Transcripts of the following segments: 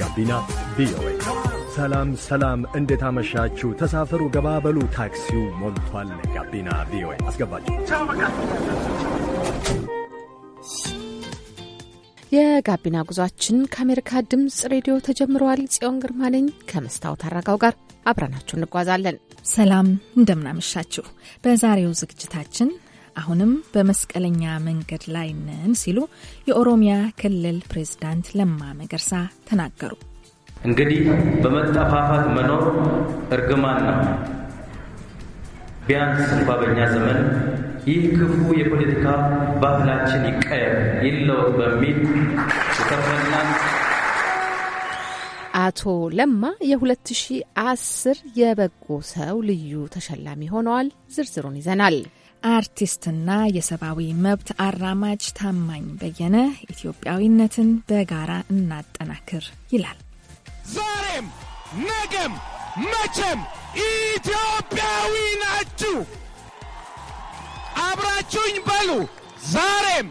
ጋቢና ቪኦኤ። ሰላም ሰላም፣ እንዴት አመሻችሁ? ተሳፈሩ፣ ገባበሉ፣ ታክሲው ሞልቷል። ጋቢና ቪኦኤ አስገባችሁ። የጋቢና ጉዟችን ከአሜሪካ ድምፅ ሬዲዮ ተጀምረዋል። ጽዮን ግርማ ነኝ ከመስታወት አረጋው ጋር አብረናችሁ እንጓዛለን። ሰላም እንደምናመሻችሁ። በዛሬው ዝግጅታችን አሁንም በመስቀለኛ መንገድ ላይ ነን ሲሉ የኦሮሚያ ክልል ፕሬዝዳንት ለማ መገርሳ ተናገሩ። እንግዲህ በመጠፋፋት መኖር እርግማን ነው። ቢያንስ እንኳ በእኛ ዘመን ይህ ክፉ የፖለቲካ ባህላችን ይቀየር ይለው በሚል የተፈላ አቶ ለማ የ2010 የበጎ ሰው ልዩ ተሸላሚ ሆነዋል። ዝርዝሩን ይዘናል። አርቲስትና የሰብአዊ መብት አራማጅ ታማኝ በየነ ኢትዮጵያዊነትን በጋራ እናጠናክር ይላል። ዛሬም ነገም መቼም ኢትዮጵያዊ ናችሁ። አብራችሁኝ በሉ። ዛሬም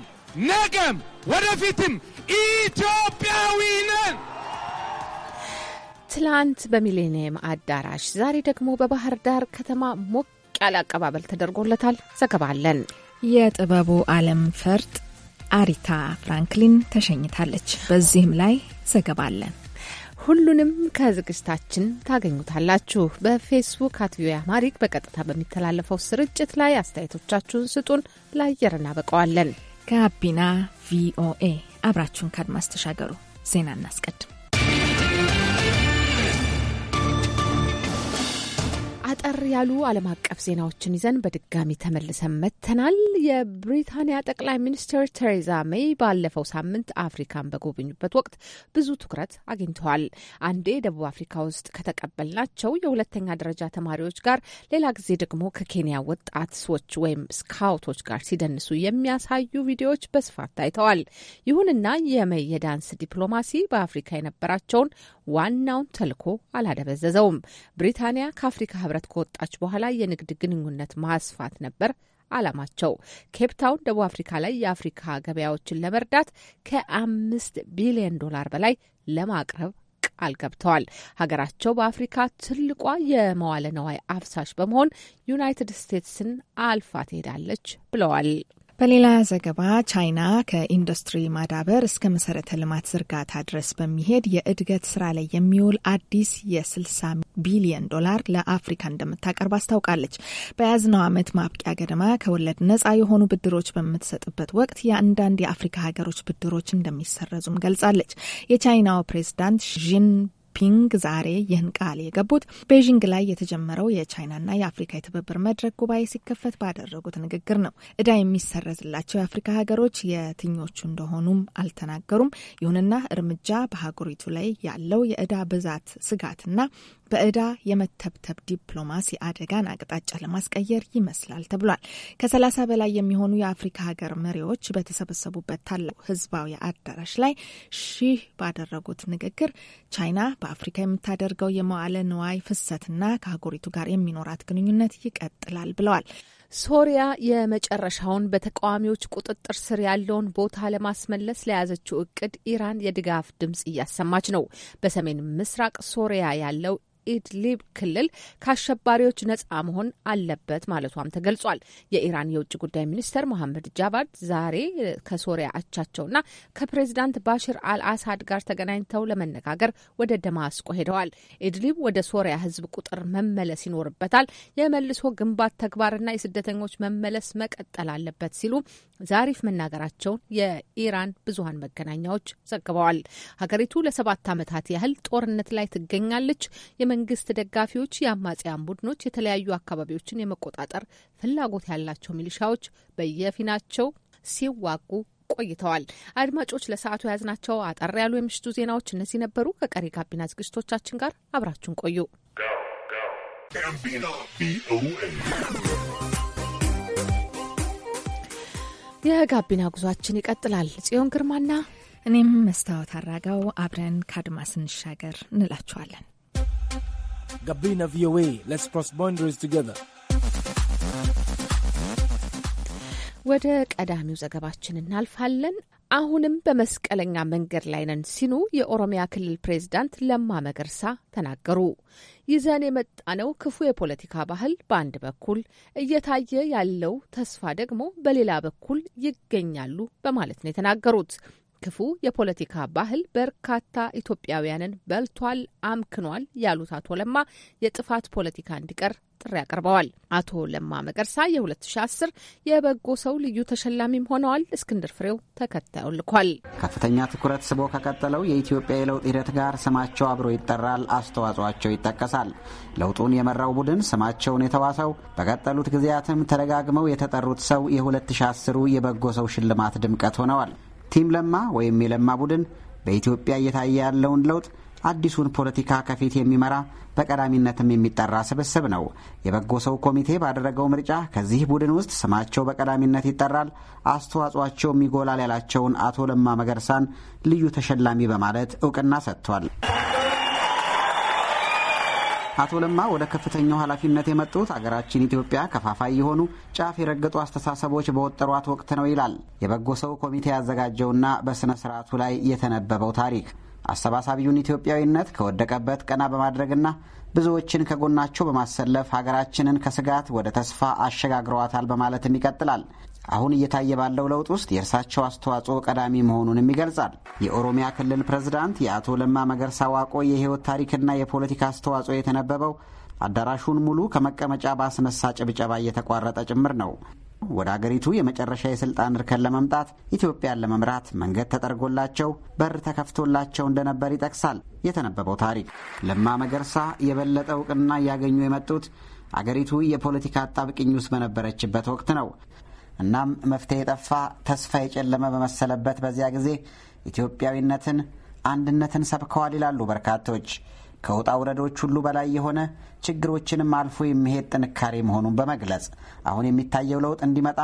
ነገም ወደፊትም ኢትዮጵያዊ ነን። ትላንት በሚሌኒየም አዳራሽ ዛሬ ደግሞ በባህር ዳር ከተማ ሞክ ቃል አቀባበል ተደርጎለታል። ዘገባ አለን። የጥበቡ ዓለም ፈርጥ አሪታ ፍራንክሊን ተሸኝታለች። በዚህም ላይ ዘገባ አለን። ሁሉንም ከዝግጅታችን ታገኙታላችሁ። በፌስቡክ አት ቪኦኤ አማሪክ በቀጥታ በሚተላለፈው ስርጭት ላይ አስተያየቶቻችሁን ስጡን፣ ለአየር እናበቀዋለን። ጋቢና ቪኦኤ አብራችሁን ከአድማስ ተሻገሩ። ዜና እናስቀድም። አጠር ያሉ ዓለም አቀፍ ዜናዎችን ይዘን በድጋሚ ተመልሰን መጥተናል። የብሪታንያ ጠቅላይ ሚኒስትር ቴሬዛ ሜይ ባለፈው ሳምንት አፍሪካን በጎበኙበት ወቅት ብዙ ትኩረት አግኝተዋል። አንዴ ደቡብ አፍሪካ ውስጥ ከተቀበልናቸው የሁለተኛ ደረጃ ተማሪዎች ጋር፣ ሌላ ጊዜ ደግሞ ከኬንያ ወጣቶች ወይም ስካውቶች ጋር ሲደንሱ የሚያሳዩ ቪዲዮዎች በስፋት ታይተዋል። ይሁንና የሜይ የዳንስ ዲፕሎማሲ በአፍሪካ የነበራቸውን ዋናውን ተልዕኮ አላደበዘዘውም። ብሪታንያ ከአፍሪካ ህብረት ከወራት ከወጣች በኋላ የንግድ ግንኙነት ማስፋት ነበር አላማቸው። ኬፕታውን ደቡብ አፍሪካ ላይ የአፍሪካ ገበያዎችን ለመርዳት ከአምስት ቢሊዮን ዶላር በላይ ለማቅረብ ቃል ገብተዋል። ሀገራቸው በአፍሪካ ትልቋ የመዋለ ነዋይ አፍሳሽ በመሆን ዩናይትድ ስቴትስን አልፋ ትሄዳለች ብለዋል። በሌላ ዘገባ ቻይና ከኢንዱስትሪ ማዳበር እስከ መሰረተ ልማት ዝርጋታ ድረስ በሚሄድ የእድገት ስራ ላይ የሚውል አዲስ የ60 ቢሊዮን ዶላር ለአፍሪካ እንደምታቀርብ አስታውቃለች። በያዝነው ዓመት ማብቂያ ገደማ ከወለድ ነጻ የሆኑ ብድሮች በምትሰጥበት ወቅት የአንዳንድ የአፍሪካ ሀገሮች ብድሮች እንደሚሰረዙም ገልጻለች። የቻይናው ፕሬዚዳንት ዢን ጂንፒንግ ዛሬ ይህን ቃል የገቡት ቤዥንግ ላይ የተጀመረው የቻይናና የአፍሪካ የትብብር መድረክ ጉባኤ ሲከፈት ባደረጉት ንግግር ነው። እዳ የሚሰረዝላቸው የአፍሪካ ሀገሮች የትኞቹ እንደሆኑም አልተናገሩም። ይሁንና እርምጃ በሀገሪቱ ላይ ያለው የእዳ ብዛት ስጋትና በዕዳ የመተብተብ ዲፕሎማሲ አደጋን አቅጣጫ ለማስቀየር ይመስላል ተብሏል። ከሰላሳ በላይ የሚሆኑ የአፍሪካ ሀገር መሪዎች በተሰበሰቡበት ታላቁ ህዝባዊ አዳራሽ ላይ ሺህ ባደረጉት ንግግር ቻይና በአፍሪካ የምታደርገው የመዋለ ንዋይ ፍሰትና ከሀገሪቱ ጋር የሚኖራት ግንኙነት ይቀጥላል ብለዋል። ሶሪያ የመጨረሻውን በተቃዋሚዎች ቁጥጥር ስር ያለውን ቦታ ለማስመለስ ለያዘችው እቅድ ኢራን የድጋፍ ድምጽ እያሰማች ነው። በሰሜን ምስራቅ ሶሪያ ያለው ኢድሊብ ክልል ከአሸባሪዎች ነጻ መሆን አለበት ማለቷም ተገልጿል። የኢራን የውጭ ጉዳይ ሚኒስትር መሐመድ ጃቫድ ዛሬ ከሶሪያ አቻቸውና ከፕሬዚዳንት ባሽር አልአሳድ ጋር ተገናኝተው ለመነጋገር ወደ ደማስቆ ሄደዋል። ኢድሊብ ወደ ሶሪያ ህዝብ ቁጥር መመለስ ይኖርበታል፣ የመልሶ ግንባት ተግባርና የስደተኞች መመለስ መቀጠል አለበት ሲሉ ዛሪፍ መናገራቸውን የኢራን ብዙሀን መገናኛዎች ዘግበዋል። ሀገሪቱ ለሰባት ዓመታት ያህል ጦርነት ላይ ትገኛለች። የመንግስት ደጋፊዎች የአማጽያን ቡድኖች የተለያዩ አካባቢዎችን የመቆጣጠር ፍላጎት ያላቸው ሚሊሻዎች በየፊናቸው ሲዋጉ ቆይተዋል። አድማጮች ለሰዓቱ የያዝናቸው አጠር ያሉ የምሽቱ ዜናዎች እነዚህ ነበሩ። ከቀሪ ጋቢና ዝግጅቶቻችን ጋር አብራችሁን ቆዩ። የጋቢና ጉዟችን ይቀጥላል። ጽዮን ግርማና እኔም መስታወት አራጋው አብረን ከአድማስ እንሻገር እንላችኋለን። Gabina VOA. Let's cross boundaries together. ወደ ቀዳሚው ዘገባችን እናልፋለን። አሁንም በመስቀለኛ መንገድ ላይ ነን ሲሉ የኦሮሚያ ክልል ፕሬዝዳንት ለማ መገርሳ ተናገሩ። ይዘን የመጣነው ክፉ የፖለቲካ ባህል በአንድ በኩል እየታየ ያለው ተስፋ ደግሞ በሌላ በኩል ይገኛሉ በማለት ነው የተናገሩት። ክፉ የፖለቲካ ባህል በርካታ ኢትዮጵያውያንን በልቷል፣ አምክኗል ያሉት አቶ ለማ የጥፋት ፖለቲካ እንዲቀር ጥሪ አቅርበዋል። አቶ ለማ መገርሳ የ2010 የበጎ ሰው ልዩ ተሸላሚም ሆነዋል። እስክንድር ፍሬው ተከታዩ ልኳል። ከፍተኛ ትኩረት ስቦ ከቀጠለው የኢትዮጵያ የለውጥ ሂደት ጋር ስማቸው አብሮ ይጠራል፣ አስተዋጽኦቸው ይጠቀሳል። ለውጡን የመራው ቡድን ስማቸውን የተዋሰው በቀጠሉት ጊዜያትም ተደጋግመው የተጠሩት ሰው የ2010ሩ የበጎ ሰው ሽልማት ድምቀት ሆነዋል። ቲም ለማ ወይም የለማ ቡድን በኢትዮጵያ እየታየ ያለውን ለውጥ አዲሱን ፖለቲካ ከፊት የሚመራ በቀዳሚነትም የሚጠራ ስብስብ ነው። የበጎ ሰው ኮሚቴ ባደረገው ምርጫ ከዚህ ቡድን ውስጥ ስማቸው በቀዳሚነት ይጠራል፣ አስተዋጽቸው ይጎላል ያላቸውን አቶ ለማ መገርሳን ልዩ ተሸላሚ በማለት እውቅና ሰጥቷል። አቶ ለማ ወደ ከፍተኛው ኃላፊነት የመጡት አገራችን ኢትዮጵያ ከፋፋይ የሆኑ ጫፍ የረገጡ አስተሳሰቦች በወጠሯት ወቅት ነው ይላል የበጎ ሰው ኮሚቴ ያዘጋጀውና በሥነ ሥርዓቱ ላይ የተነበበው ታሪክ። አሰባሳቢውን ኢትዮጵያዊነት ከወደቀበት ቀና በማድረግና ብዙዎችን ከጎናቸው በማሰለፍ ሀገራችንን ከስጋት ወደ ተስፋ አሸጋግረዋታል በማለትም ይቀጥላል። አሁን እየታየ ባለው ለውጥ ውስጥ የእርሳቸው አስተዋጽኦ ቀዳሚ መሆኑንም ይገልጻል። የኦሮሚያ ክልል ፕሬዝዳንት የአቶ ለማ መገርሳ ዋቆ የህይወት ታሪክና የፖለቲካ አስተዋጽኦ የተነበበው አዳራሹን ሙሉ ከመቀመጫ በአስነሳ ጭብጨባ እየተቋረጠ ጭምር ነው። ወደ አገሪቱ የመጨረሻ የስልጣን እርከን ለመምጣት ኢትዮጵያን ለመምራት መንገድ ተጠርጎላቸው በር ተከፍቶላቸው እንደነበር ይጠቅሳል የተነበበው ታሪክ። ለማ መገርሳ የበለጠ እውቅና እያገኙ የመጡት አገሪቱ የፖለቲካ አጣብቅኝ ውስጥ በነበረችበት ወቅት ነው። እናም መፍትሄ የጠፋ ተስፋ የጨለመ በመሰለበት በዚያ ጊዜ ኢትዮጵያዊነትን፣ አንድነትን ሰብከዋል ይላሉ በርካቶች። ከውጣ ውረዶች ሁሉ በላይ የሆነ ችግሮችንም አልፎ የሚሄድ ጥንካሬ መሆኑን በመግለጽ አሁን የሚታየው ለውጥ እንዲመጣ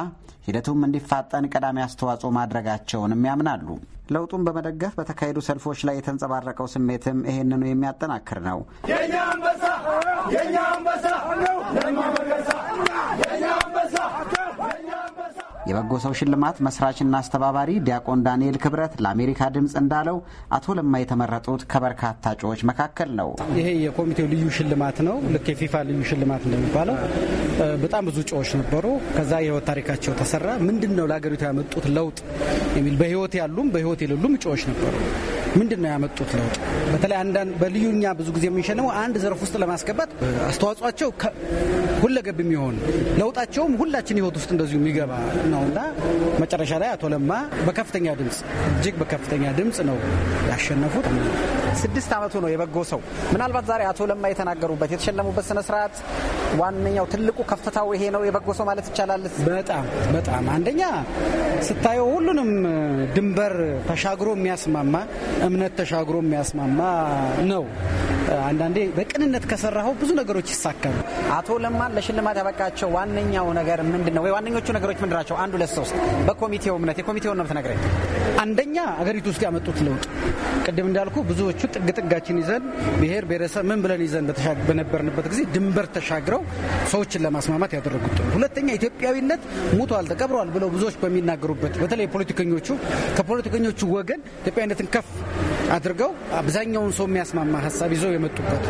ሂደቱም እንዲፋጠን ቀዳሚ አስተዋጽኦ ማድረጋቸውንም ያምናሉ። ለውጡን በመደገፍ በተካሄዱ ሰልፎች ላይ የተንጸባረቀው ስሜትም ይሄንኑ የሚያጠናክር ነው። የኛ አንበሳ የኛ አንበሳ የበጎ ሰው ሽልማት መስራችና አስተባባሪ ዲያቆን ዳንኤል ክብረት ለአሜሪካ ድምፅ እንዳለው አቶ ለማ የተመረጡት ከበርካታ እጩዎች መካከል ነው። ይሄ የኮሚቴው ልዩ ሽልማት ነው። ልክ የፊፋ ልዩ ሽልማት እንደሚባለው በጣም ብዙ እጩዎች ነበሩ። ከዛ የህይወት ታሪካቸው ተሰራ። ምንድን ነው ለሀገሪቱ ያመጡት ለውጥ የሚል በህይወት ያሉም በህይወት የሌሉም እጩዎች ነበሩ። ምንድን ነው ያመጡት ለውጥ? በተለይ አንዳንድ በልዩኛ ብዙ ጊዜ የምንሸልመው አንድ ዘርፍ ውስጥ ለማስገባት አስተዋጽኦቸው ሁለገብ የሚሆን ለውጣቸውም ሁላችን ህይወት ውስጥ እንደዚሁ የሚገባ ነው እና መጨረሻ ላይ አቶ ለማ በከፍተኛ ድምፅ እጅግ በከፍተኛ ድምፅ ነው ያሸነፉት። ስድስት ዓመቱ ነው የበጎ ሰው። ምናልባት ዛሬ አቶ ለማ የተናገሩበት የተሸለሙበት ስነ ስርዓት ዋነኛው ትልቁ ከፍታው ይሄ ነው የበጎ ሰው ማለት ይቻላል። በጣም በጣም አንደኛ ስታየው ሁሉንም ድንበር ተሻግሮ የሚያስማማ እምነት ተሻግሮ የሚያስማማ ነው። አንዳንዴ በቅንነት ከሰራው ብዙ ነገሮች ይሳካሉ። አቶ ለማን ለሽልማት ያበቃቸው ዋነኛው ነገር ምንድን ነው? ወይ ዋነኞቹ ነገሮች ምንድን ናቸው? አንድ ሁለት ሶስት በኮሚቴው እምነት የኮሚቴውን ነው የምትነግረኝ። አንደኛ አገሪቱ ውስጥ ያመጡት ለውጥ፣ ቅድም እንዳልኩ ብዙዎቹ ጥግጥጋችን ይዘን ብሔር ብሔረሰብ ምን ብለን ይዘን በነበርንበት ጊዜ ድንበር ተሻግረው ሰዎችን ለማስማማት ያደረጉት ሁለተኛ ኢትዮጵያዊነት ሙቷል፣ ተቀብሯል ብለው ብዙዎች በሚናገሩበት በተለይ ፖለቲከኞቹ ከፖለቲከኞቹ ወገን ኢትዮጵያዊነትን ከፍ አድርገው አብዛኛውን ሰው የሚያስማማ ሀሳብ ይዘው የመጡበት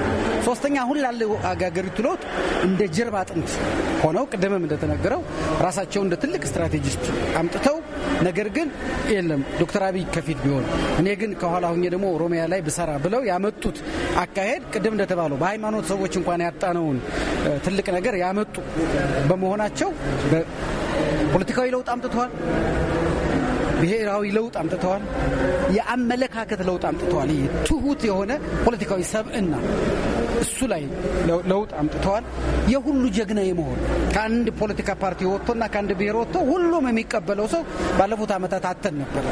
ሶስተኛ አሁን ላለው አገሪቱ ለውጥ እንደ ጀርባ አጥንት ሆነው ቅድምም እንደተነገረው ራሳቸውን እንደ ትልቅ ስትራቴጂስት አምጥተው ነገር ግን የለም ዶክተር አብይ ከፊት ቢሆን እኔ ግን ከኋላ ሁኜ ደግሞ ኦሮሚያ ላይ እንዳንሰራ ብለው ያመጡት አካሄድ ቅድም እንደተባለው በሃይማኖት ሰዎች እንኳን ያጣነውን ትልቅ ነገር ያመጡ በመሆናቸው ፖለቲካዊ ለውጥ አምጥተዋል። ብሔራዊ ለውጥ አምጥተዋል። የአመለካከት ለውጥ አምጥተዋል። ይህ ትሁት የሆነ ፖለቲካዊ ሰብእና እሱ ላይ ለውጥ አምጥተዋል። የሁሉ ጀግና የመሆን ከአንድ ፖለቲካ ፓርቲ ወጥቶና ከአንድ ብሔር ወጥቶ ሁሉም የሚቀበለው ሰው ባለፉት ዓመታት አተን ነበረ።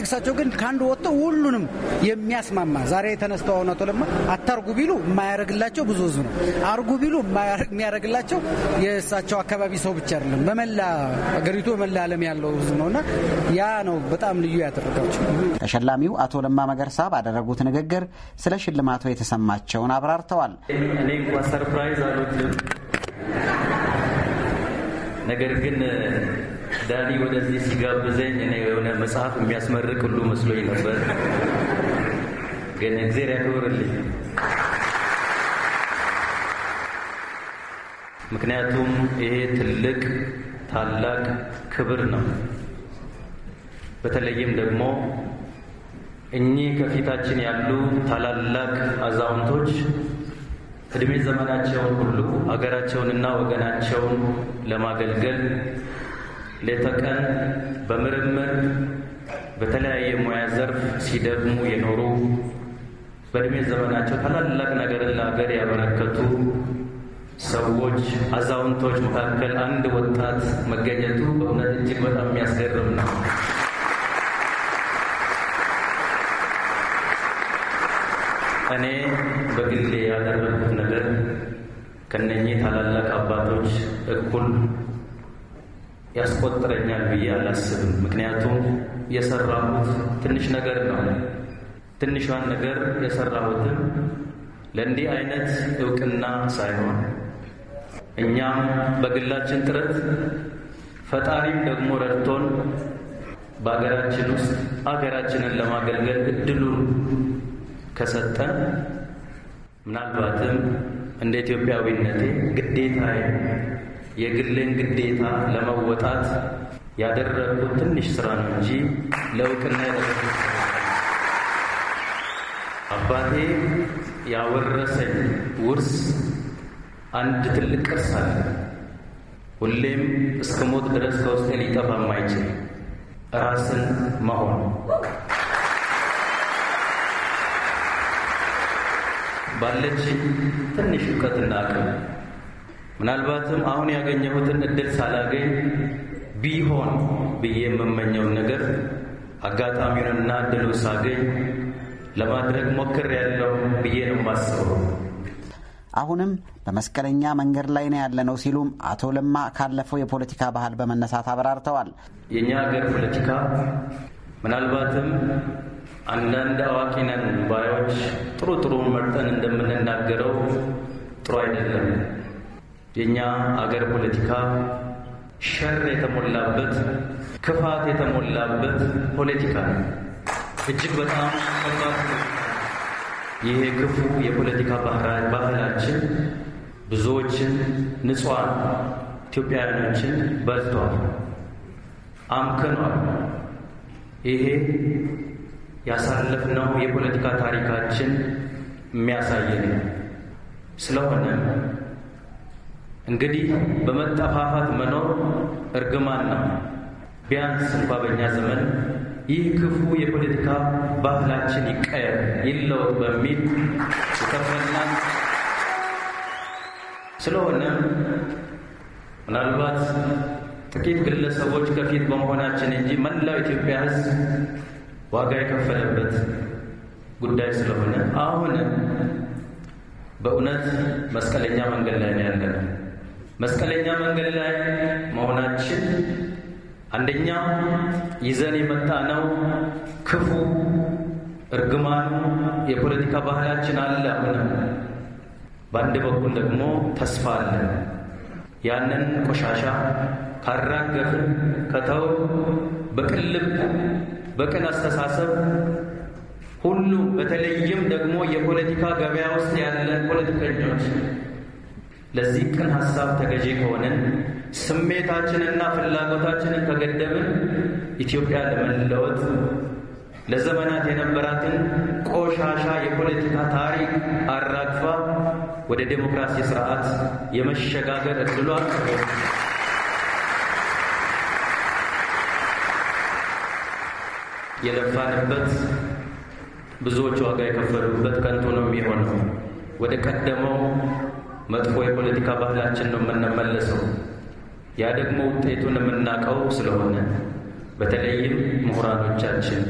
እሳቸው ግን ከአንድ ወጥቶ ሁሉንም የሚያስማማ ዛሬ የተነስተው አሁን አቶ ለማ አታርጉ ቢሉ የማያደርግላቸው ብዙ ህዝብ ነው። አርጉ ቢሉ የሚያደርግላቸው የእሳቸው አካባቢ ሰው ብቻ አይደለም፣ በመላ ሀገሪቱ በመላ ዓለም ያለው ህዝብ ነውና ያ ነው በጣም ልዩ ያደረጋቸው። ተሸላሚው አቶ ለማ መገርሳ ባደረጉት ንግግር ስለ ሽልማቱ የተሰማቸውን አብራርተዋል። እኔ እንኳ ሰርፕራይዝ አሉትም። ነገር ግን ዳኒ ወደዚህ ሲጋብዘኝ እኔ የሆነ መጽሐፍ የሚያስመርቅ ሁሉ መስሎኝ ነበር። ግን እግዜር ያክብርልኝ ምክንያቱም ይሄ ትልቅ ታላቅ ክብር ነው። በተለይም ደግሞ እኚህ ከፊታችን ያሉ ታላላቅ አዛውንቶች እድሜ ዘመናቸውን ሁሉ አገራቸውንና ወገናቸውን ለማገልገል ሌት ተቀን በምርምር በተለያየ ሙያ ዘርፍ ሲደግሙ የኖሩ በእድሜ ዘመናቸው ታላላቅ ነገርን ለሀገር ያበረከቱ ሰዎች አዛውንቶች መካከል አንድ ወጣት መገኘቱ በእውነት እጅግ በጣም የሚያስገርም ነው። እኔ በግሌ ያደረግኩት ነገር ከነኚህ ታላላቅ አባቶች እኩል ያስቆጥረኛል ብዬ አላስብም። ምክንያቱም የሰራሁት ትንሽ ነገር ነው። ትንሿን ነገር የሰራሁትም ለእንዲህ አይነት እውቅና ሳይሆን እኛም በግላችን ጥረት ፈጣሪም ደግሞ ረድቶን በሀገራችን ውስጥ ሀገራችንን ለማገልገል እድሉን ከሰጠ ምናልባትም እንደ ኢትዮጵያዊነቴ ግዴታ የግሌን ግዴታ ለመወጣት ያደረግኩት ትንሽ ስራ ነው እንጂ ለእውቅና አባቴ ያወረሰኝ ውርስ አንድ ትልቅ ቅርስ አለ። ሁሌም እስከ ሞት ድረስ ከውስጤ ሊጠፋ የማይችል ራስን መሆን ባለች ትንሽ እውቀትና አቅም ምናልባትም አሁን ያገኘሁትን እድል ሳላገኝ ቢሆን ብዬ የምመኘውን ነገር አጋጣሚውንና እድሉ ሳገኝ ለማድረግ ሞክር ያለው ብዬ ነው የማስበው። አሁንም በመስቀለኛ መንገድ ላይ ነው ያለ ነው ሲሉም አቶ ለማ ካለፈው የፖለቲካ ባህል በመነሳት አብራርተዋል። የእኛ ሀገር ፖለቲካ ምናልባትም አንዳንድ አዋቂ ነን ባዮች ጥሩ ጥሩ መርጠን እንደምንናገረው ጥሩ አይደለም። የእኛ አገር ፖለቲካ ሸር የተሞላበት ክፋት የተሞላበት ፖለቲካ ነው። እጅግ በጣም ከባድ ይሄ ክፉ የፖለቲካ ባህላችን ብዙዎችን ንጹሐን ኢትዮጵያውያኖችን በልቷል፣ አምክኗል። ይሄ ያሳለፍነው የፖለቲካ ታሪካችን የሚያሳየን ነው። ስለሆነ እንግዲህ በመጠፋፋት መኖር እርግማን ነው። ቢያንስ እንኳ በእኛ ዘመን ይህ ክፉ የፖለቲካ ባህላችን ይቀየር፣ ይለወጥ በሚል ይከፈላል። ስለሆነም ምናልባት ጥቂት ግለሰቦች ከፊት በመሆናችን እንጂ መላው ኢትዮጵያ ሕዝብ ዋጋ የከፈለበት ጉዳይ ስለሆነ አሁንም በእውነት መስቀለኛ መንገድ ላይ ነው ያለ ነው። መስቀለኛ መንገድ ላይ መሆናችን አንደኛ ይዘን የመጣ ነው ክፉ እርግማኑ የፖለቲካ ባህላችን አለ። አሁንም በአንድ በኩል ደግሞ ተስፋ አለ። ያንን ቆሻሻ ካራገፍን ከተው በቅን ልብ በቅን አስተሳሰብ ሁሉ በተለይም ደግሞ የፖለቲካ ገበያ ውስጥ ያለን ፖለቲከኞች ለዚህ ቅን ሀሳብ ተገዢ ከሆንን ስሜታችንና ፍላጎታችንን ከገደብን ኢትዮጵያ ለመለወጥ ለዘመናት የነበራትን ቆሻሻ የፖለቲካ ታሪክ አራግፋ ወደ ዴሞክራሲ ስርዓት የመሸጋገር እድሏ የለፋንበት ብዙዎች ዋጋ የከፈሉበት ከንቱ ነው የሚሆነው። ወደ ቀደመው መጥፎ የፖለቲካ ባህላችን ነው የምንመለሰው። ያ ደግሞ ውጤቱን የምናውቀው ስለሆነ በተለይም ምሁራኖቻችን፣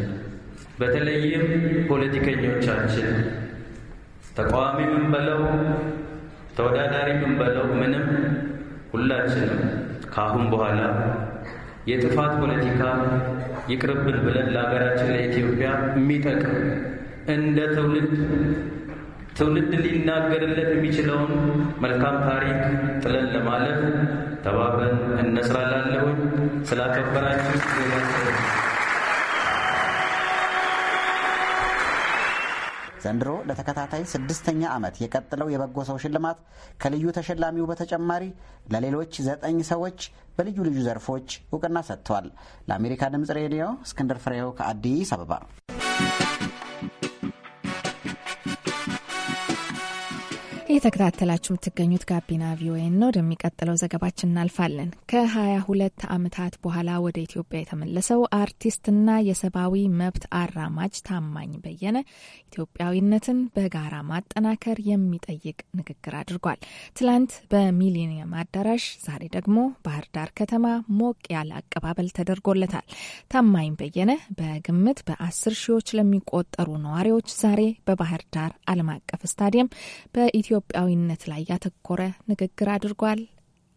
በተለይም ፖለቲከኞቻችን ተቃዋሚ ምን በለው ተወዳዳሪ ምን በለው ምንም ሁላችንም ከአሁን በኋላ የጥፋት ፖለቲካ ይቅርብን ብለን ለሀገራችን ለኢትዮጵያ የሚጠቅም እንደ ትውልድ ትውልድ ሊናገርለት የሚችለውን መልካም ታሪክ ጥለን ለማለፍ ተባበን እነስራላለሁኝ ስላከበራችሁ ዘንድሮ ለተከታታይ ስድስተኛ ዓመት የቀጥለው የበጎ ሰው ሽልማት ከልዩ ተሸላሚው በተጨማሪ ለሌሎች ዘጠኝ ሰዎች በልዩ ልዩ ዘርፎች እውቅና ሰጥቷል። ለአሜሪካ ድምፅ ሬዲዮ እስክንድር ፍሬው ከአዲስ አበባ እየተከታተላችሁ የምትገኙት ጋቢና ቪኦኤን ነው። ወደሚቀጥለው ዘገባችን እናልፋለን። ከ22 ዓመታት በኋላ ወደ ኢትዮጵያ የተመለሰው አርቲስትና የሰብአዊ መብት አራማጅ ታማኝ በየነ ኢትዮጵያዊነትን በጋራ ማጠናከር የሚጠይቅ ንግግር አድርጓል። ትላንት በሚሊኒየም አዳራሽ፣ ዛሬ ደግሞ ባህር ዳር ከተማ ሞቅ ያለ አቀባበል ተደርጎለታል። ታማኝ በየነ በግምት በአስር ሺዎች ለሚቆጠሩ ነዋሪዎች ዛሬ በባህር ዳር ዓለም አቀፍ ስታዲየም በኢትዮ ኢትዮጵያዊነት ላይ ያተኮረ ንግግር አድርጓል።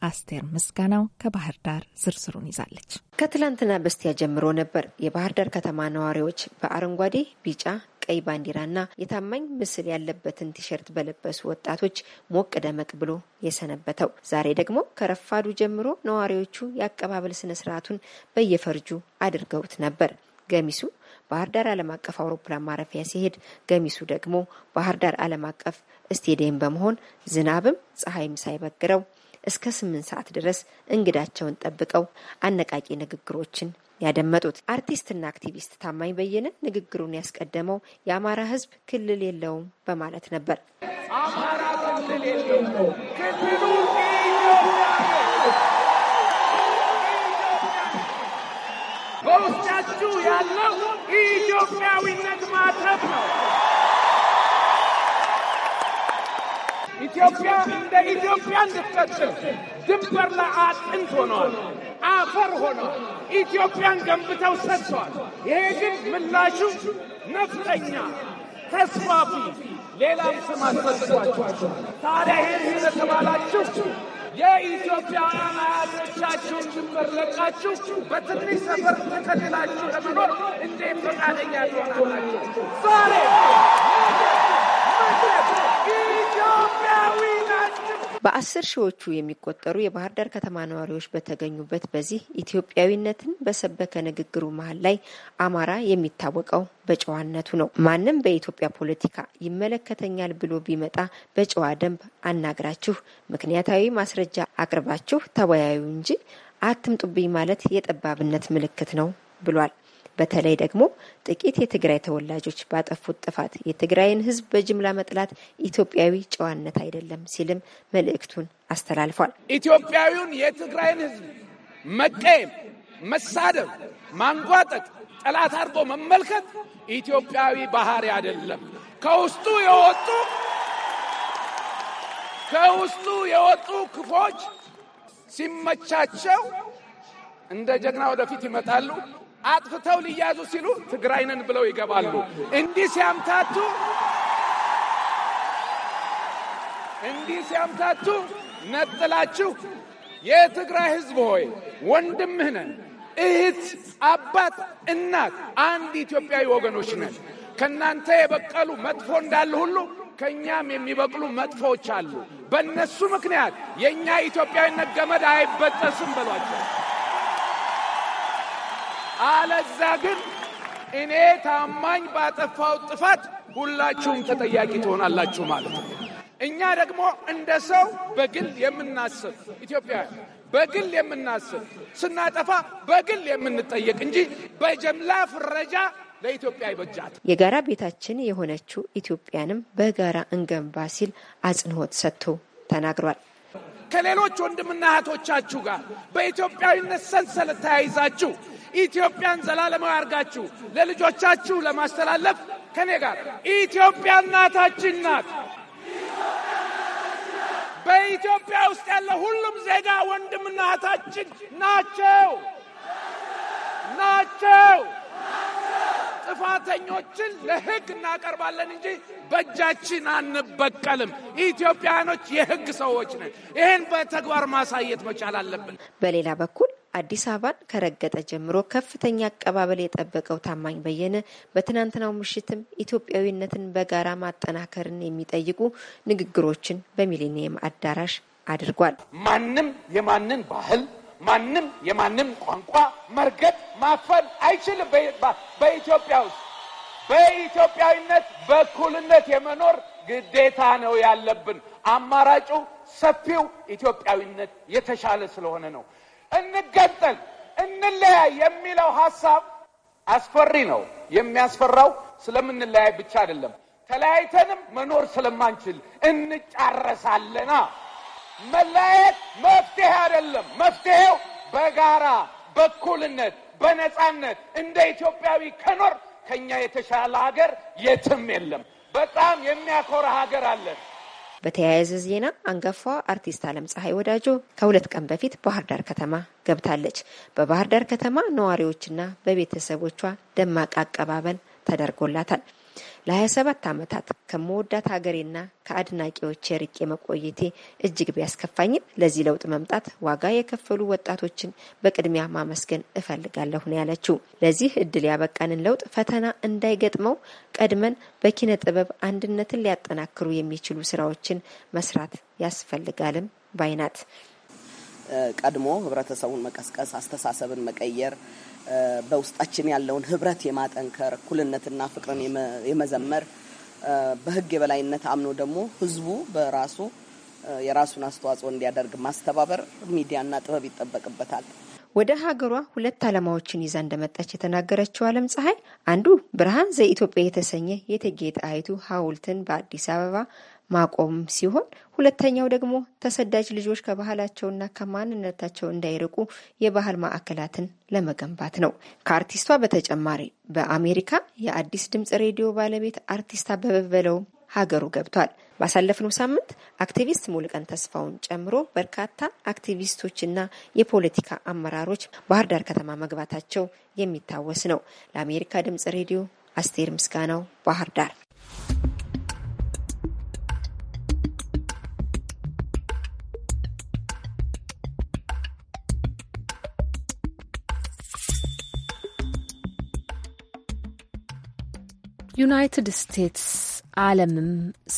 አስቴር ምስጋናው ከባህር ዳር ዝርዝሩን ይዛለች። ከትላንትና በስቲያ ጀምሮ ነበር የባህር ዳር ከተማ ነዋሪዎች በአረንጓዴ፣ ቢጫ፣ ቀይ ባንዲራና የታማኝ ምስል ያለበትን ቲሸርት በለበሱ ወጣቶች ሞቅ ደመቅ ብሎ የሰነበተው። ዛሬ ደግሞ ከረፋዱ ጀምሮ ነዋሪዎቹ የአቀባበል ስነ ስርዓቱን በየፈርጁ አድርገውት ነበር። ገሚሱ ባህር ዳር ዓለም አቀፍ አውሮፕላን ማረፊያ ሲሄድ፣ ገሚሱ ደግሞ ባህር ዳር ዓለም አቀፍ ስቴዲየም በመሆን ዝናብም ፀሐይም ሳይበግረው እስከ ስምንት ሰዓት ድረስ እንግዳቸውን ጠብቀው አነቃቂ ንግግሮችን ያደመጡት አርቲስትና አክቲቪስት ታማኝ በየነ ንግግሩን ያስቀደመው የአማራ ሕዝብ ክልል የለውም በማለት ነበር። አማራ ክልል የለውም፣ በውስጣችሁ የኢትዮጵያዊነት ማተብ ነው። ኢትዮጵያ እንደ ኢትዮጵያ እንድትቀጥል ድንበር ላይ አጥንት ሆነዋል፣ አፈር ሆነዋል። ኢትዮጵያን ገንብተው ሰጥተዋል። ይሄ ግን ምላሹ ነፍጠኛ፣ ተስፋፊ ሌላም ስም አስፈጽሟቸዋል። ታዲያ ይህን ስለተባላችሁ የኢትዮጵያ አያቶቻችሁን ድንበር ለቃችሁ በትንሽ ሰፈር ተከልላችሁ ለመኖር እንዴት ፈቃደኛ ትሆናላችሁ? ዛሬ ኢትዮጵያዊ ናችሁ። በአስር ሺዎቹ የሚቆጠሩ የባህር ዳር ከተማ ነዋሪዎች በተገኙበት በዚህ ኢትዮጵያዊነትን በሰበከ ንግግሩ መሀል ላይ አማራ የሚታወቀው በጨዋነቱ ነው። ማንም በኢትዮጵያ ፖለቲካ ይመለከተኛል ብሎ ቢመጣ በጨዋ ደንብ አናግራችሁ፣ ምክንያታዊ ማስረጃ አቅርባችሁ ተወያዩ እንጂ አትምጡብኝ ማለት የጠባብነት ምልክት ነው ብሏል። በተለይ ደግሞ ጥቂት የትግራይ ተወላጆች ባጠፉት ጥፋት የትግራይን ሕዝብ በጅምላ መጥላት ኢትዮጵያዊ ጨዋነት አይደለም ሲልም መልእክቱን አስተላልፏል። ኢትዮጵያዊውን የትግራይን ሕዝብ መቀየም፣ መሳደብ፣ ማንጓጠጥ፣ ጠላት አድርጎ መመልከት ኢትዮጵያዊ ባህሪ አይደለም። ከውስጡ የወጡ ከውስጡ የወጡ ክፎች ሲመቻቸው እንደ ጀግና ወደፊት ይመጣሉ። አጥፍተው ሊያዙ ሲሉ ትግራይንን ብለው ይገባሉ። እንዲህ ሲያምታቱ እንዲህ ሲያምታቱ ነጥላችሁ የትግራይ ሕዝብ ሆይ ወንድምህ ነን፣ እህት፣ አባት፣ እናት አንድ ኢትዮጵያዊ ወገኖች ነን። ከእናንተ የበቀሉ መጥፎ እንዳለ ሁሉ ከእኛም የሚበቅሉ መጥፎዎች አሉ። በእነሱ ምክንያት የእኛ ኢትዮጵያዊነት ገመድ አይበጠስም በሏቸው። አለዛ ግን እኔ ታማኝ ባጠፋው ጥፋት ሁላችሁም ተጠያቂ ትሆናላችሁ ማለት ነው። እኛ ደግሞ እንደ ሰው በግል የምናስብ ኢትዮጵያውያን በግል የምናስብ ስናጠፋ በግል የምንጠየቅ እንጂ በጀምላ ፍረጃ ለኢትዮጵያ ይበጃት። የጋራ ቤታችን የሆነችው ኢትዮጵያንም በጋራ እንገንባ ሲል አጽንኦት ሰጥቶ ተናግሯል። ከሌሎች ወንድምና እህቶቻችሁ ጋር በኢትዮጵያዊነት ሰንሰለት ተያይዛችሁ ኢትዮጵያን ዘላለማዊ አድርጋችሁ ለልጆቻችሁ ለማስተላለፍ ከኔ ጋር ኢትዮጵያ እናታችን ናት። በኢትዮጵያ ውስጥ ያለ ሁሉም ዜጋ ወንድም እናታችን ናቸው ናቸው። ጥፋተኞችን ለሕግ እናቀርባለን እንጂ በእጃችን አንበቀልም። ኢትዮጵያኖች የሕግ ሰዎች ነን። ይህን በተግባር ማሳየት መቻል አለብን። በሌላ በኩል አዲስ አበባን ከረገጠ ጀምሮ ከፍተኛ አቀባበል የጠበቀው ታማኝ በየነ በትናንትናው ምሽትም ኢትዮጵያዊነትን በጋራ ማጠናከርን የሚጠይቁ ንግግሮችን በሚሊኒየም አዳራሽ አድርጓል። ማንም የማንን ባህል ማንም የማንም ቋንቋ መርገጥ ማፈን አይችልም። በኢትዮጵያ ውስጥ በኢትዮጵያዊነት በእኩልነት የመኖር ግዴታ ነው ያለብን። አማራጩ ሰፊው ኢትዮጵያዊነት የተሻለ ስለሆነ ነው። እንገንጠል፣ እንለያይ የሚለው ሀሳብ አስፈሪ ነው። የሚያስፈራው ስለምንለያይ ብቻ አይደለም፣ ተለያይተንም መኖር ስለማንችል እንጫረሳለና። መለያየት መፍትሄ አይደለም። መፍትሄው በጋራ በእኩልነት በነፃነት እንደ ኢትዮጵያዊ ከኖር ከኛ የተሻለ ሀገር የትም የለም። በጣም የሚያኮራ ሀገር አለን። በተያያዘ ዜና አንጋፏ አርቲስት አለም ፀሐይ ወዳጆ ከሁለት ቀን በፊት ባህር ዳር ከተማ ገብታለች። በባህር ዳር ከተማ ነዋሪዎችና በቤተሰቦቿ ደማቅ አቀባበል ተደርጎላታል። ለ27 ዓመታት ከመወዳት ሀገሬና ከአድናቂዎች ርቄ መቆየቴ እጅግ ቢያስከፋኝም ለዚህ ለውጥ መምጣት ዋጋ የከፈሉ ወጣቶችን በቅድሚያ ማመስገን እፈልጋለሁ ነው ያለችው። ለዚህ እድል ያበቃንን ለውጥ ፈተና እንዳይገጥመው ቀድመን በኪነ ጥበብ አንድነትን ሊያጠናክሩ የሚችሉ ስራዎችን መስራት ያስፈልጋልም ባይናት ቀድሞ ህብረተሰቡን መቀስቀስ፣ አስተሳሰብን መቀየር በውስጣችን ያለውን ህብረት የማጠንከር እኩልነትና ፍቅርን የመዘመር በህግ የበላይነት አምኖ ደግሞ ህዝቡ በራሱ የራሱን አስተዋጽኦ እንዲያደርግ ማስተባበር ሚዲያና ጥበብ ይጠበቅበታል። ወደ ሀገሯ ሁለት ዓላማዎችን ይዛ እንደመጣች የተናገረችው አለም ፀሐይ አንዱ ብርሃን ዘኢትዮጵያ የተሰኘ የእቴጌ ጣይቱ ሐውልትን በአዲስ አበባ ማቆም ሲሆን ሁለተኛው ደግሞ ተሰዳጅ ልጆች ከባህላቸውና ከማንነታቸው እንዳይርቁ የባህል ማዕከላትን ለመገንባት ነው። ከአርቲስቷ በተጨማሪ በአሜሪካ የአዲስ ድምፅ ሬዲዮ ባለቤት አርቲስት አበበ ሀገሩ ገብቷል። ባሳለፍነው ሳምንት አክቲቪስት ሙልቀን ተስፋውን ጨምሮ በርካታ አክቲቪስቶችና የፖለቲካ አመራሮች ባህር ዳር ከተማ መግባታቸው የሚታወስ ነው። ለአሜሪካ ድምፅ ሬዲዮ አስቴር ምስጋናው ባህር ዳር ዩናይትድ ስቴትስ ዓለምም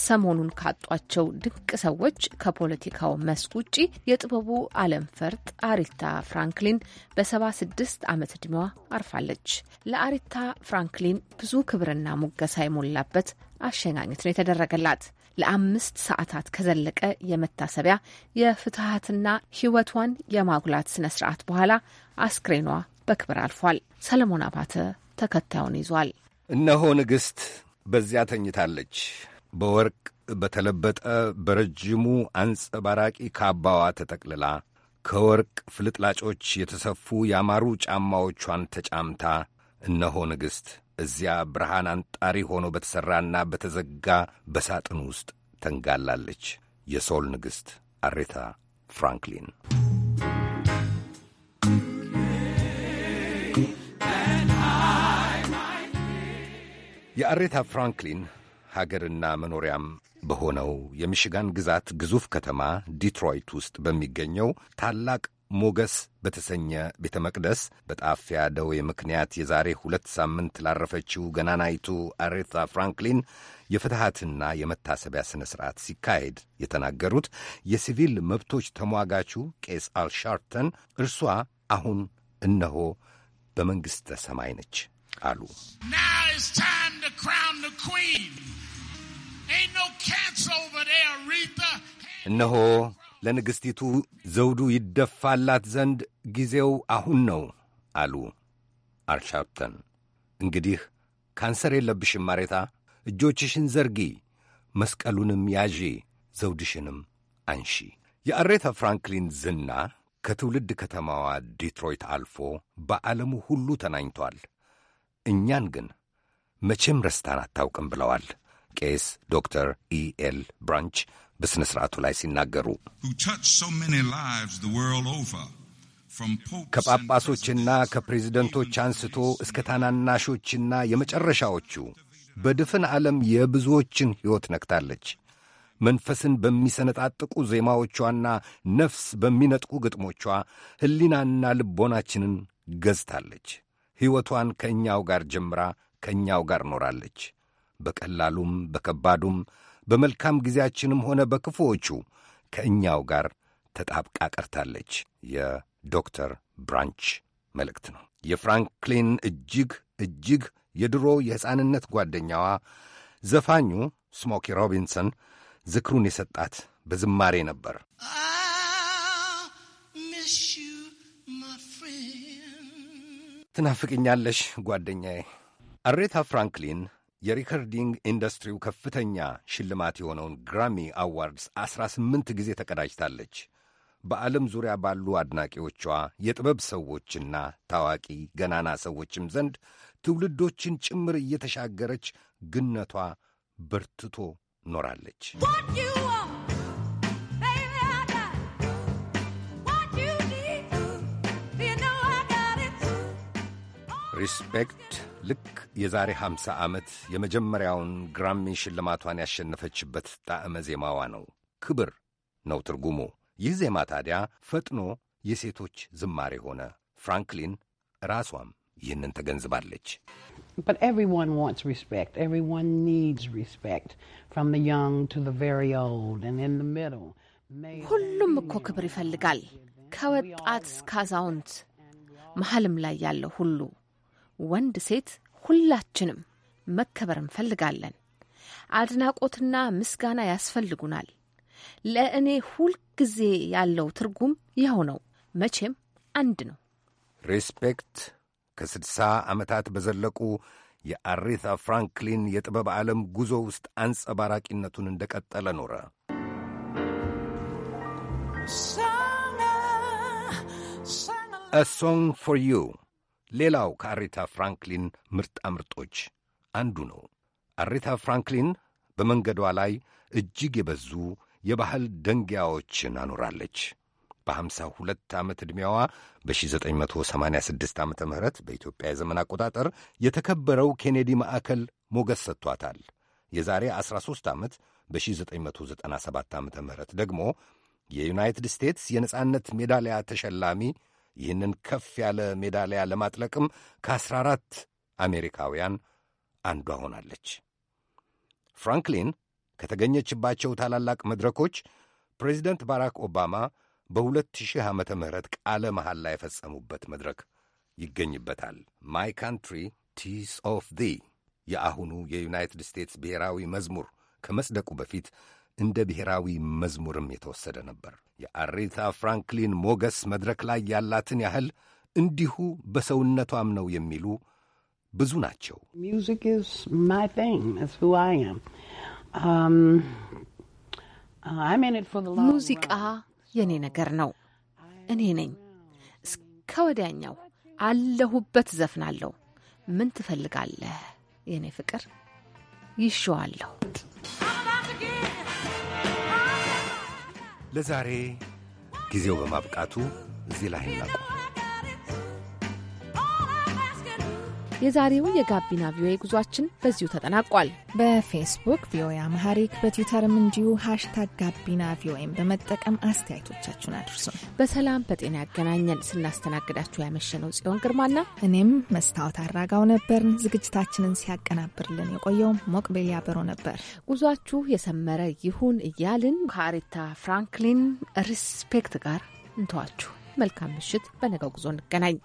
ሰሞኑን ካጧቸው ድንቅ ሰዎች ከፖለቲካው መስክ ውጪ የጥበቡ ዓለም ፈርጥ አሪታ ፍራንክሊን በሰባ ስድስት ዓመት ዕድሜዋ አርፋለች። ለአሪታ ፍራንክሊን ብዙ ክብርና ሙገሳ የሞላበት አሸኛኘት ነው የተደረገላት። ለአምስት ሰዓታት ከዘለቀ የመታሰቢያ የፍትሀትና ሕይወቷን የማጉላት ስነ ስርዓት በኋላ አስክሬኗ በክብር አልፏል። ሰለሞን አባተ ተከታዩን ይዟል። እነሆ ንግሥት በዚያ ተኝታለች። በወርቅ በተለበጠ በረጅሙ አንጸባራቂ ካባዋ ተጠቅልላ ከወርቅ ፍልጥላጮች የተሰፉ ያማሩ ጫማዎቿን ተጫምታ እነሆ ንግሥት እዚያ ብርሃን አንጣሪ ሆኖ በተሠራና በተዘጋ በሳጥን ውስጥ ተንጋላለች። የሶል ንግሥት አሬታ ፍራንክሊን የአሬታ ፍራንክሊን ሀገርና መኖሪያም በሆነው የሚሽጋን ግዛት ግዙፍ ከተማ ዲትሮይት ውስጥ በሚገኘው ታላቅ ሞገስ በተሰኘ ቤተ መቅደስ በጣፊያ ደዌ ምክንያት የዛሬ ሁለት ሳምንት ላረፈችው ገናናይቱ አሬታ ፍራንክሊን የፍትሐትና የመታሰቢያ ሥነ ሥርዓት ሲካሄድ የተናገሩት የሲቪል መብቶች ተሟጋቹ ቄስ አልሻርተን እርሷ አሁን እነሆ በመንግሥተ ሰማይ ነች አሉ። እነሆ ለንግሥቲቱ ዘውዱ ይደፋላት ዘንድ ጊዜው አሁን ነው አሉ አርሻፕተን። እንግዲህ ካንሰር የለብሽም ማሬታ፣ እጆችሽን ዘርጊ፣ መስቀሉንም ያዢ፣ ዘውድሽንም አንሺ። የአሬታ ፍራንክሊን ዝና ከትውልድ ከተማዋ ዲትሮይት አልፎ በዓለሙ ሁሉ ተናኝቷል። እኛን ግን መቼም ረስታን አታውቅም ብለዋል ቄስ ዶክተር ኢኤል ብራንች በሥነ ሥርዓቱ ላይ ሲናገሩ ከጳጳሶችና ከፕሬዝደንቶች አንስቶ እስከ ታናናሾችና የመጨረሻዎቹ በድፍን ዓለም የብዙዎችን ሕይወት ነክታለች። መንፈስን በሚሰነጣጥቁ ዜማዎቿና ነፍስ በሚነጥቁ ግጥሞቿ ሕሊናና ልቦናችንን ገዝታለች። ሕይወቷን ከእኛው ጋር ጀምራ ከእኛው ጋር ኖራለች። በቀላሉም በከባዱም በመልካም ጊዜያችንም ሆነ በክፉዎቹ ከእኛው ጋር ተጣብቃ ቀርታለች። የዶክተር ብራንች መልእክት ነው። የፍራንክሊን እጅግ እጅግ የድሮ የሕፃንነት ጓደኛዋ ዘፋኙ ስሞኪ ሮቢንሰን ዝክሩን የሰጣት በዝማሬ ነበር። ትናፍቅኛለሽ ጓደኛዬ አሬታ ፍራንክሊን የሪከርዲንግ ኢንዱስትሪው ከፍተኛ ሽልማት የሆነውን ግራሚ አዋርድስ ዐሥራ ስምንት ጊዜ ተቀዳጅታለች። በዓለም ዙሪያ ባሉ አድናቂዎቿ የጥበብ ሰዎችና ታዋቂ ገናና ሰዎችም ዘንድ ትውልዶችን ጭምር እየተሻገረች ግነቷ በርትቶ ኖራለች። ሪስፔክት ልክ የዛሬ 50 ዓመት የመጀመሪያውን ግራሚ ሽልማቷን ያሸነፈችበት ጣዕመ ዜማዋ ነው። ክብር ነው ትርጉሙ። ይህ ዜማ ታዲያ ፈጥኖ የሴቶች ዝማሬ ሆነ። ፍራንክሊን ራሷም ይህንን ተገንዝባለች። ሁሉም እኮ ክብር ይፈልጋል፣ ከወጣት እስከ አዛውንት፣ መሀልም ላይ ያለው ሁሉ ወንድ፣ ሴት ሁላችንም መከበር እንፈልጋለን። አድናቆትና ምስጋና ያስፈልጉናል። ለእኔ ሁልጊዜ ያለው ትርጉም ይኸው ነው። መቼም አንድ ነው። ሬስፔክት ከስድሳ ዓመታት በዘለቁ የአሬታ ፍራንክሊን የጥበብ ዓለም ጉዞ ውስጥ አንጸባራቂነቱን እንደቀጠለ ኖረ። A Song for You ሌላው ከአሬታ ፍራንክሊን ምርጣ ምርጦች አንዱ ነው። አሬታ ፍራንክሊን በመንገዷ ላይ እጅግ የበዙ የባህል ደንጊያዎችን አኖራለች። ሁለት ዓመት ዕድሜዋ በ1986 ዓ ም በኢትዮጵያ የዘመን አቆጣጠር የተከበረው ኬኔዲ ማዕከል ሞገስ ሰጥቷታል። የዛሬ 13 ዓመት በ1997 ዓ ም ደግሞ የዩናይትድ ስቴትስ የነጻነት ሜዳሊያ ተሸላሚ ይህንን ከፍ ያለ ሜዳሊያ ለማጥለቅም ከአስራ አራት አሜሪካውያን አንዷ ሆናለች። ፍራንክሊን ከተገኘችባቸው ታላላቅ መድረኮች ፕሬዚደንት ባራክ ኦባማ በ2000 ዓመተ ምህረት ቃለ መሐላ የፈጸሙበት መድረክ ይገኝበታል። ማይ ካንትሪ ቲስ ኦፍ ዲ የአሁኑ የዩናይትድ ስቴትስ ብሔራዊ መዝሙር ከመጽደቁ በፊት እንደ ብሔራዊ መዝሙርም የተወሰደ ነበር። የአሬታ ፍራንክሊን ሞገስ መድረክ ላይ ያላትን ያህል እንዲሁ በሰውነቷም ነው የሚሉ ብዙ ናቸው። um, ሙዚቃ የእኔ ነገር ነው፣ እኔ ነኝ። እስከ ወዲያኛው አለሁበት ዘፍናለሁ። ምን ትፈልጋለህ የእኔ ፍቅር ይሸዋለሁ። ለዛሬ ጊዜው በማብቃቱ እዚህ ላይ እናቁም። የዛሬው የጋቢና ቪኦኤ ጉዟችን በዚሁ ተጠናቋል። በፌስቡክ ቪኦኤ አምሃሪክ በትዊተርም እንዲሁ ሀሽታግ ጋቢና ቪኦኤም በመጠቀም አስተያየቶቻችሁን አድርሱ። በሰላም በጤና ያገናኘን። ስናስተናግዳችሁ ያመሸነው ጽዮን ግርማና እኔም መስታወት አራጋው ነበርን። ዝግጅታችንን ሲያቀናብርልን የቆየው ሞቅቤል ያበሮ ነበር። ጉዟችሁ የሰመረ ይሁን እያልን ከአሬታ ፍራንክሊን ሪስፔክት ጋር እንተዋችሁ። መልካም ምሽት። በነገው ጉዞ እንገናኝ።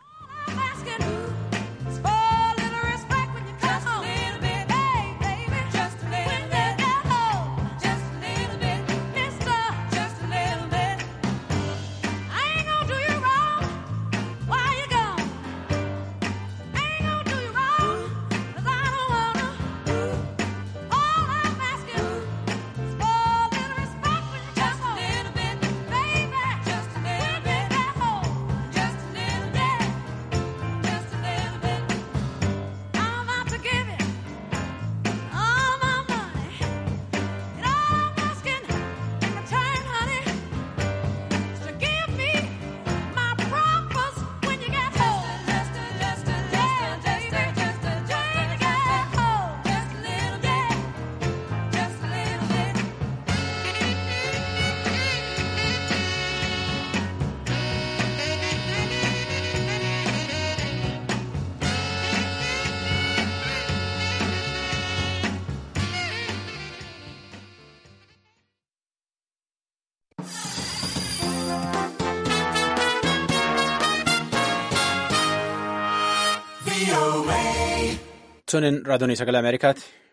Sunin raadiyoon sagalee Ameerikaati.